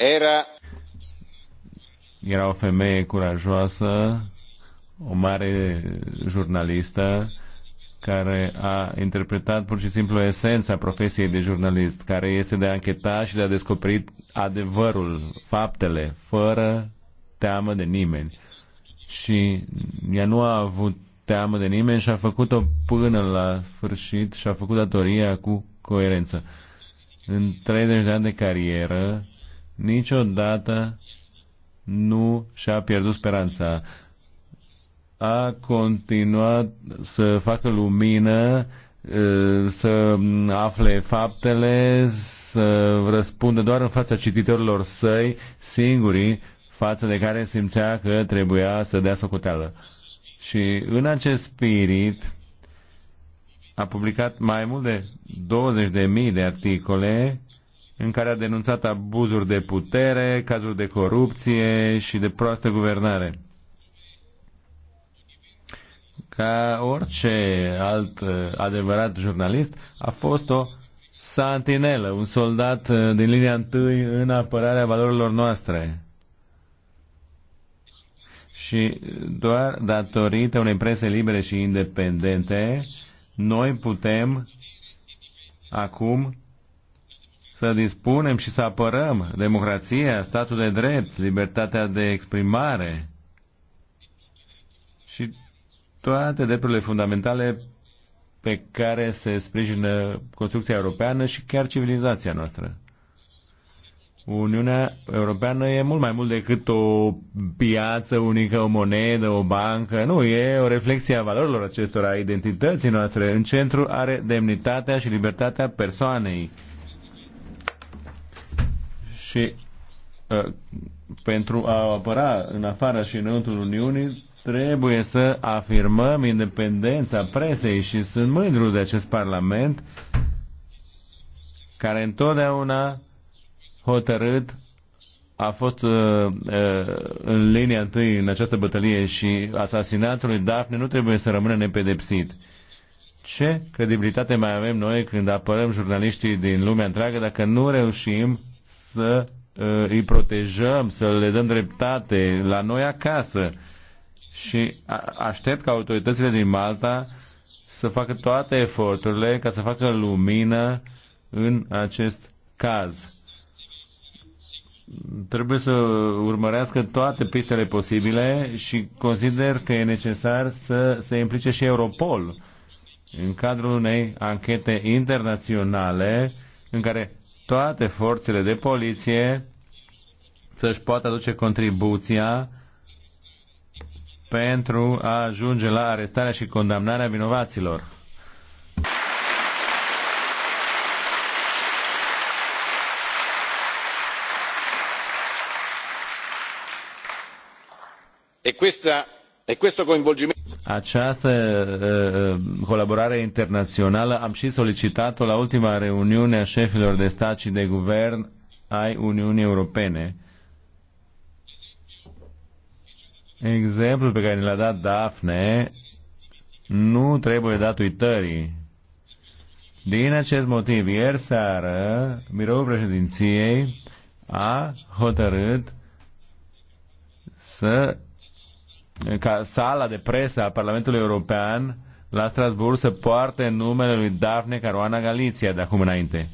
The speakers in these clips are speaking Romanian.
Era... Era o femeie curajoasă, o mare jurnalistă care a interpretat pur și simplu esența profesiei de jurnalist, care este de a încheta și de a descoperi adevărul, faptele, fără teamă de nimeni. Și ea nu a avut teamă de nimeni și a făcut-o până la sfârșit și a făcut datoria cu coerență. În 30 de ani de carieră, niciodată nu și-a pierdut speranța. A continuat să facă lumină, să afle faptele, să răspundă doar în fața cititorilor săi, singurii, față de care simțea că trebuia să dea socoteală. Și în acest spirit a publicat mai mult de 20.000 de articole în care a denunțat abuzuri de putere, cazuri de corupție și de proastă guvernare. Ca orice alt uh, adevărat jurnalist, a fost o santinelă, un soldat uh, din linia întâi în apărarea valorilor noastre. Și doar datorită unei prese libere și independente, noi putem acum să dispunem și să apărăm democrația, statul de drept, libertatea de exprimare și toate drepturile fundamentale pe care se sprijină construcția europeană și chiar civilizația noastră. Uniunea Europeană e mult mai mult decât o piață unică, o monedă, o bancă. Nu, e o reflexie a valorilor acestora, a identității noastre. În centru are demnitatea și libertatea persoanei. Și uh, pentru a apăra în afara și înăuntru Uniunii, trebuie să afirmăm independența presei și sunt mândru de acest Parlament care întotdeauna hotărât a fost uh, uh, în linia întâi în această bătălie și asasinatul lui Daphne nu trebuie să rămână nepedepsit. Ce credibilitate mai avem noi când apărăm jurnaliștii din lumea întreagă dacă nu reușim să uh, îi protejăm, să le dăm dreptate la noi acasă. Și aștept ca autoritățile din Malta să facă toate eforturile ca să facă lumină în acest caz. Trebuie să urmărească toate pistele posibile și consider că e necesar să se implice și Europol în cadrul unei anchete internaționale în care toate forțele de poliție să-și poată aduce contribuția pentru a ajunge la arestarea și condamnarea vinovaților. E, questa, e questo coinvolgimento. Această ă, ă, colaborare internațională am și solicitat-o la ultima reuniune a șefilor de stat și de guvern ai Uniunii Europene. Exemplul pe care ne l-a dat Dafne nu trebuie dat uitării. Din acest motiv, ieri seară, biroul președinției a hotărât să ca sala de presă a Parlamentului European la Strasbourg să poarte numele lui Daphne Caruana Galizia de acum înainte.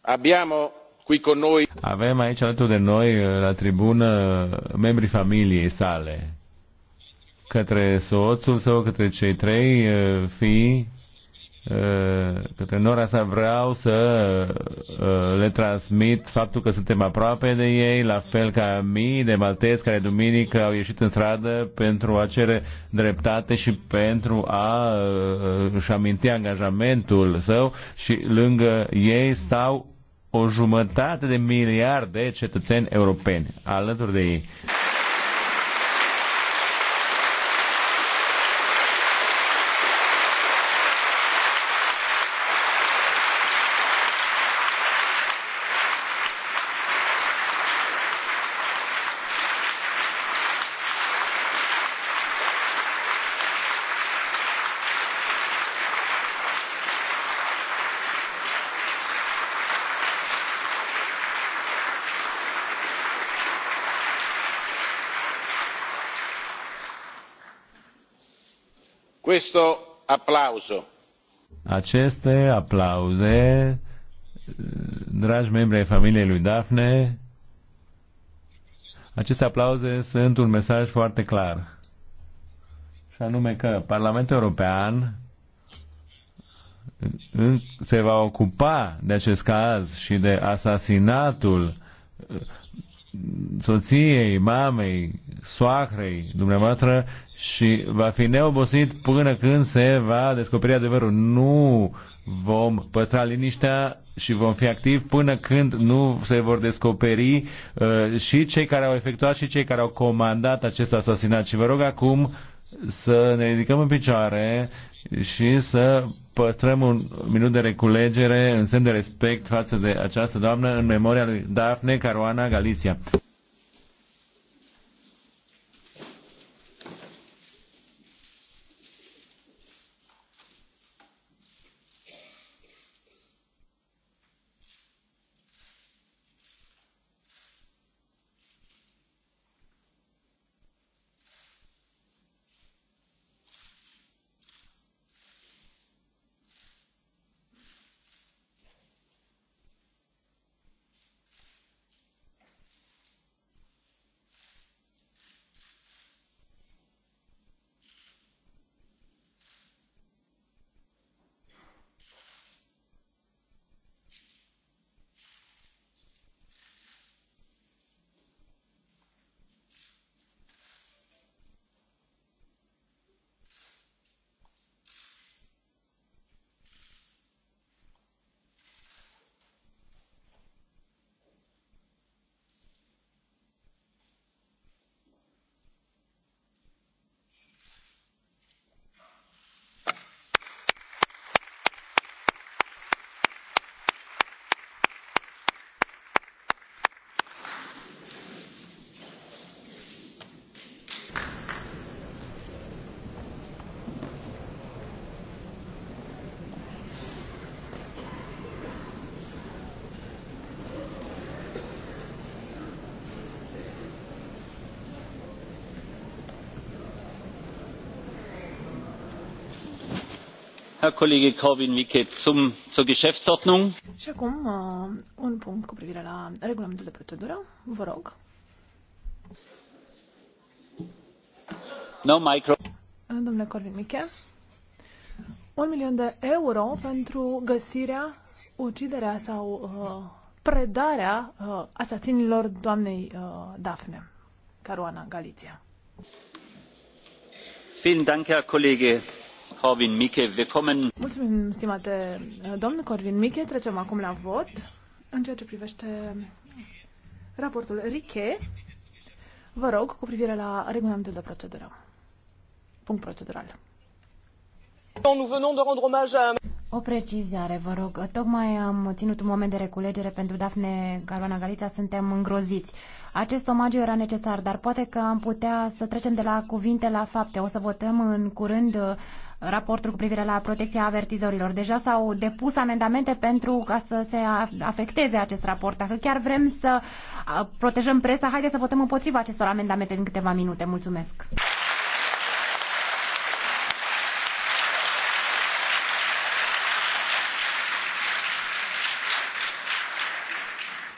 Abbiamo qui con noi. Avem aici alături de noi la tribună membrii familiei sale către soțul său, către cei trei uh, fii, uh, către nora sa vreau să uh, le transmit faptul că suntem aproape de ei, la fel ca mii de maltezi care duminică au ieșit în stradă pentru a cere dreptate și pentru a își aminti angajamentul său și lângă ei stau o jumătate de miliarde de cetățeni europeni alături de ei. questo applauso aceste aplauze dragi membri ai familiei lui Daphne aceste aplauze sunt un mesaj foarte clar și anume că Parlamentul European se va ocupa de acest caz și de asasinatul soției, mamei, soacrei dumneavoastră și va fi neobosit până când se va descoperi adevărul. Nu vom păstra liniștea și vom fi activi până când nu se vor descoperi uh, și cei care au efectuat și cei care au comandat acest asasinat. Și vă rog acum să ne ridicăm în picioare și să păstrăm un minut de reculegere în semn de respect față de această doamnă în memoria lui Daphne Caruana Galizia. Și acum uh, un punct cu privire la regulamentul de procedură. Vă rog. No micro. Domnule Corvin Miche, un milion de euro pentru găsirea, uciderea sau uh, predarea uh, asasinilor doamnei uh, Dafne, Caruana Galizia. Vielen Dank, Herr Kollege. Corvin Miche. Wir Mulțumim, stimate uh, domn Corvin Miche. Trecem acum la vot în ceea ce privește raportul Riche. Vă rog, cu privire la regulamentul de procedură. Punct procedural. O precizare, vă rog. Tocmai am ținut un moment de reculegere pentru Dafne Caruana Galița. Suntem îngroziți. Acest omagiu era necesar, dar poate că am putea să trecem de la cuvinte la fapte. O să votăm în curând uh, raportul cu privire la protecția avertizorilor. Deja s-au depus amendamente pentru ca să se afecteze acest raport. Dacă chiar vrem să protejăm presa, haideți să votăm împotriva acestor amendamente în câteva minute. Mulțumesc!